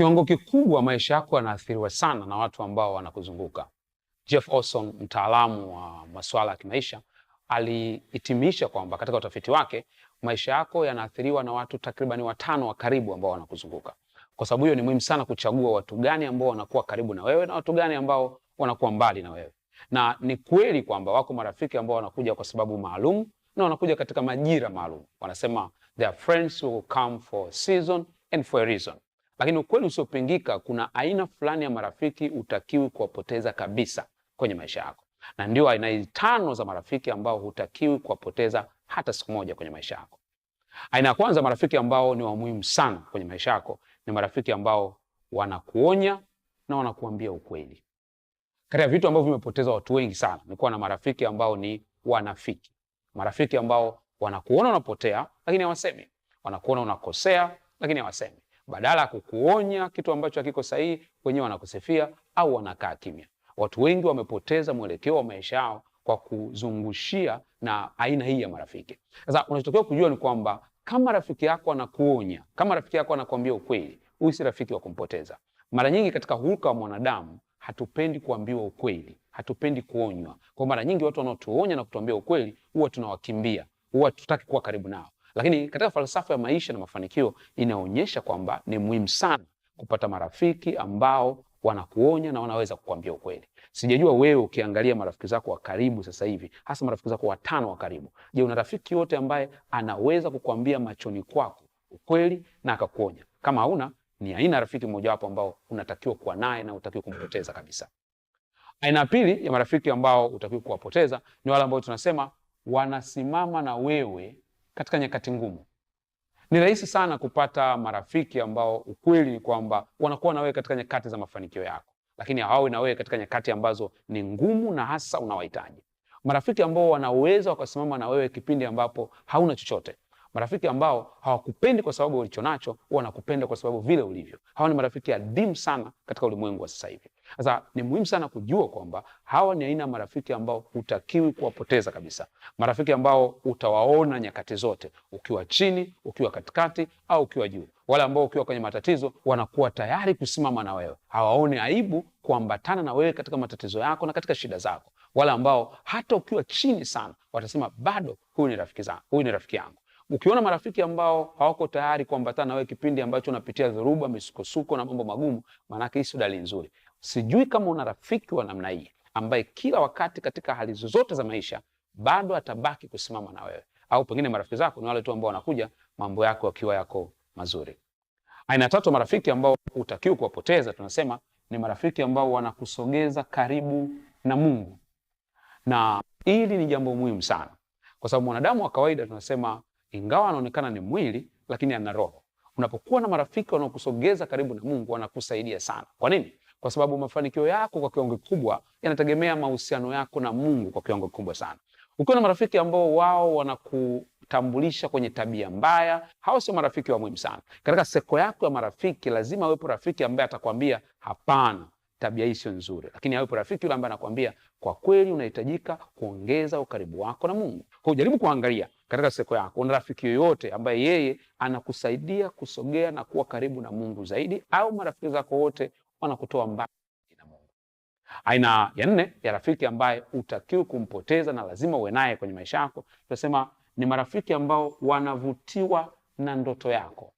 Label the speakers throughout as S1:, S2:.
S1: kiwango kikubwa maisha yako yanaathiriwa sana na watu ambao wanakuzunguka. Jeff Olson, mtaalamu wa masuala ya kimaisha, alihitimisha kwamba katika utafiti wake maisha yako yanaathiriwa na watu takribani watano wa karibu ambao wanakuzunguka. Kwa sababu hiyo, ni muhimu sana kuchagua watu gani ambao wanakuwa karibu na wewe na watu gani ambao wanakuwa mbali na wewe. Na ni kweli kwamba wako marafiki ambao wanakuja kwa sababu maalum na wanakuja katika majira maalum. Wanasema their friends will come for a season and for a reason. Lakini ukweli usiopingika, kuna aina fulani ya marafiki hutakiwi kuwapoteza kabisa kwenye maisha yako, na ndio aina tano za marafiki ambao hutakiwi kuwapoteza hata siku moja kwenye maisha yako. Aina ya kwanza, marafiki ambao ni wamuhimu sana kwenye maisha yako ni marafiki ambao wanakuonya na wanakuambia ukweli. katika vitu ambavyo vimepoteza watu wengi sana ni kuwa na marafiki ambao ni wanafiki, marafiki ambao wanakuona unapotea lakini hawasemi, wanakuona unakosea lakini hawasemi badala ya kukuonya kitu ambacho hakiko sahihi, wenyewe wanakusifia au wanakaa kimya. Watu wengi wamepoteza mwelekeo wa maisha yao kwa kuzungushia na aina hii ya marafiki. Sasa unachotakiwa kujua ni kwamba kama rafiki yako anakuonya, kama rafiki yako anakuambia ukweli, huyu si rafiki wa kumpoteza. Mara nyingi katika hulka wa mwanadamu hatupendi kuambiwa ukweli, hatupendi kuonywa. Kwa mara nyingi watu wanaotuonya na kutuambia ukweli huwa tunawakimbia, huwa tutaki kuwa karibu nao. Lakini katika falsafa ya maisha na mafanikio inaonyesha kwamba ni muhimu sana kupata marafiki ambao wanakuonya na wanaweza kukwambia ukweli. Sijajua wewe ukiangalia marafiki zako wa karibu sasa hivi, hasa marafiki zako watano wa karibu, je, una rafiki yote ambaye anaweza kukwambia machoni kwako ukweli na akakuonya? Kama hauna, ni aina rafiki mmojawapo ambao unatakiwa kuwa naye na utakiwa kumpoteza kabisa. Aina pili ya marafiki ambao utakiwa kuwapoteza ni wale ambao tunasema wanasimama na wewe katika nyakati ngumu. Ni rahisi sana kupata marafiki ambao ukweli ni kwamba wanakuwa na wewe katika nyakati za mafanikio yako, lakini hawawe na wewe katika nyakati ambazo ni ngumu na hasa unawahitaji. Marafiki ambao wanaweza wakasimama na wewe kipindi ambapo hauna chochote. Marafiki ambao hawakupendi kwa sababu ulicho nacho, wanakupenda kwa sababu vile ulivyo. Hawa ni marafiki adimu sana katika ulimwengu wa sasa hivi. Sasa ni muhimu sana kujua kwamba hawa ni aina ya marafiki ambao hutakiwi kuwapoteza kabisa, marafiki ambao utawaona nyakati zote, ukiwa chini, ukiwa katikati au ukiwa juu. Wale ambao ukiwa kwenye matatizo wanakuwa tayari kusimama na wewe, hawaoni aibu kuambatana na wewe katika matatizo yako na katika shida zako. Wale ambao hata ukiwa chini sana watasema bado huyu ni rafiki zangu, huyu ni rafiki yangu. Ukiona marafiki ambao hawako tayari kuambatana na wewe kipindi ambacho unapitia dhoruba, misukosuko na mambo magumu, maanake hii si dalili nzuri. Sijui kama una rafiki wa namna hii ambaye kila wakati katika hali zozote za maisha bado atabaki kusimama na wewe, au pengine marafiki zako ni wale tu ambao wanakuja mambo yako yakiwa yako mazuri. Aina tatu marafiki ambao hutakiwi kuwapoteza, tunasema ni marafiki ambao wanakusogeza karibu na Mungu, na hili ni jambo muhimu sana, kwa sababu mwanadamu wa kawaida tunasema, ingawa anaonekana ni mwili, lakini ana roho. Unapokuwa na marafiki wanaokusogeza karibu na Mungu, wanakusaidia sana. Kwa nini? kwa sababu mafanikio yako kwa kiwango kikubwa yanategemea mahusiano yako na Mungu kwa kiwango kikubwa sana. Ukiwa na marafiki ambao wao wanakutambulisha kwenye tabia mbaya, hao sio marafiki wa muhimu sana. Katika seko yako ya marafiki, lazima awepo rafiki ambaye atakwambia hapana, tabia hii sio nzuri, lakini awepo rafiki yule ambaye anakwambia kwa kweli unahitajika kuongeza ukaribu wako na Mungu. Kwa jaribu kuangalia katika seko yako, una rafiki yoyote ambaye yeye anakusaidia kusogea na kuwa karibu na Mungu zaidi, au marafiki zako wote wanakutoa mbali na Mungu. Aina ya nne ya rafiki ambaye utakiwa kumpoteza na lazima uwe naye kwenye maisha yako, tunasema ni marafiki ambao wanavutiwa na ndoto yako.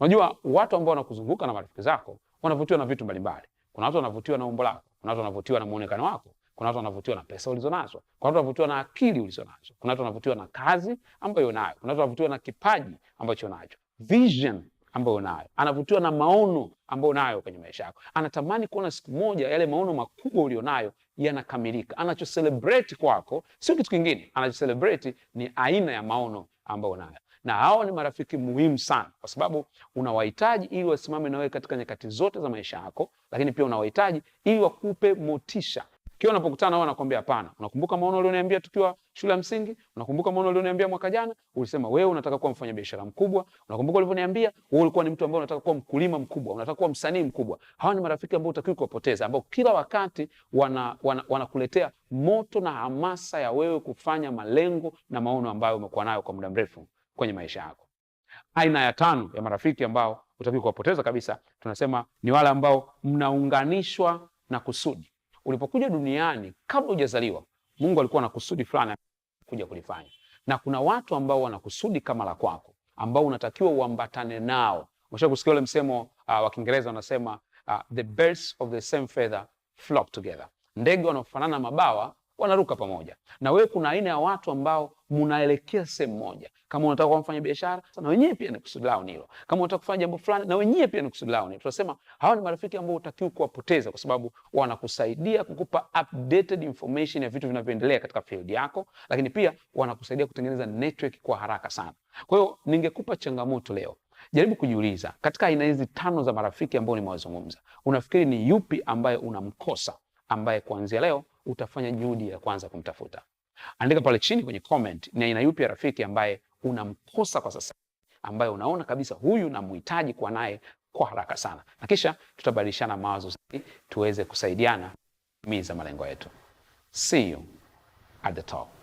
S1: Unajua watu ambao wanakuzunguka na marafiki zako wanavutiwa na vitu mbalimbali. Kuna watu wanavutiwa na umbo lako, kuna watu wanavutiwa na muonekano wako, kuna watu wanavutiwa na pesa ulizonazo, kuna watu wanavutiwa na akili ulizonazo, kuna watu wanavutiwa na kazi ambayo unayo, kuna watu wanavutiwa na kipaji ambacho unacho, vision ambayo unayo, anavutiwa na maono ambayo unayo kwenye maisha yako, anatamani kuona siku moja yale maono makubwa ulionayo yanakamilika. Anachocelebrate kwako sio kitu kingine, anachocelebrate ni aina ya maono ambayo unayo na hao ni marafiki muhimu sana, kwa sababu unawahitaji ili wasimame na wewe katika nyakati zote za maisha yako, lakini pia unawahitaji ili wakupe motisha kila unapokutana wao anakuambia hapana. Unakumbuka maono ulioniambia tukiwa shule ya msingi? Unakumbuka maono ulioniambia mwaka jana? Ulisema wewe unataka kuwa mfanyabiashara mkubwa. Unakumbuka ulivyoniambia wewe ulikuwa ni mtu ambaye unataka kuwa mkulima mkubwa, unataka kuwa msanii mkubwa. Hawa ni marafiki ambao utakiwa kuwapoteza, ambao kila wakati wanakuletea wana, wana moto na hamasa ya wewe kufanya malengo na maono ambayo umekuwa nayo kwa muda mrefu kwenye maisha yako. Aina ya tano ya marafiki ambao utakiwa kuwapoteza kabisa, tunasema ni wale ambao mnaunganishwa na kusudi ulipokuja duniani kabla hujazaliwa, Mungu alikuwa na kusudi fulani kuja kulifanya, na kuna watu ambao wana kusudi kama la kwako, ambao unatakiwa uambatane nao. Umesha kusikia ule msemo uh, wa Kiingereza wanasema uh, ah, the birds of the same feather flock together, ndege wanaofanana mabawa wanaruka pamoja na wewe. Kuna aina ya watu ambao mnaelekea sehemu moja. Kama unataka kuwa mfanya biashara, na wenyewe pia ni kusudi lao hilo. Kama unataka kufanya jambo fulani, na wenyewe pia ni kusudi lao hilo. Tunasema hawa ni marafiki ambao hutakiwi kuwapoteza, kwa sababu wanakusaidia kukupa updated information ya vitu vinavyoendelea katika field yako, lakini pia wanakusaidia kutengeneza network kwa haraka sana. Kwa hiyo ningekupa changamoto leo, jaribu kujiuliza katika aina hizi tano za marafiki ambao nimewazungumza, unafikiri ni yupi ambaye unamkosa ambaye kuanzia leo utafanya juhudi ya kwanza kumtafuta. Andika pale chini kwenye comment ni aina yupi ya rafiki ambaye unamkosa kwa sasa, ambaye unaona kabisa huyu namhitaji kuwa naye kwa haraka sana, na kisha tutabadilishana mawazo zaidi tuweze kusaidiana kutimiza malengo yetu. See you at the top.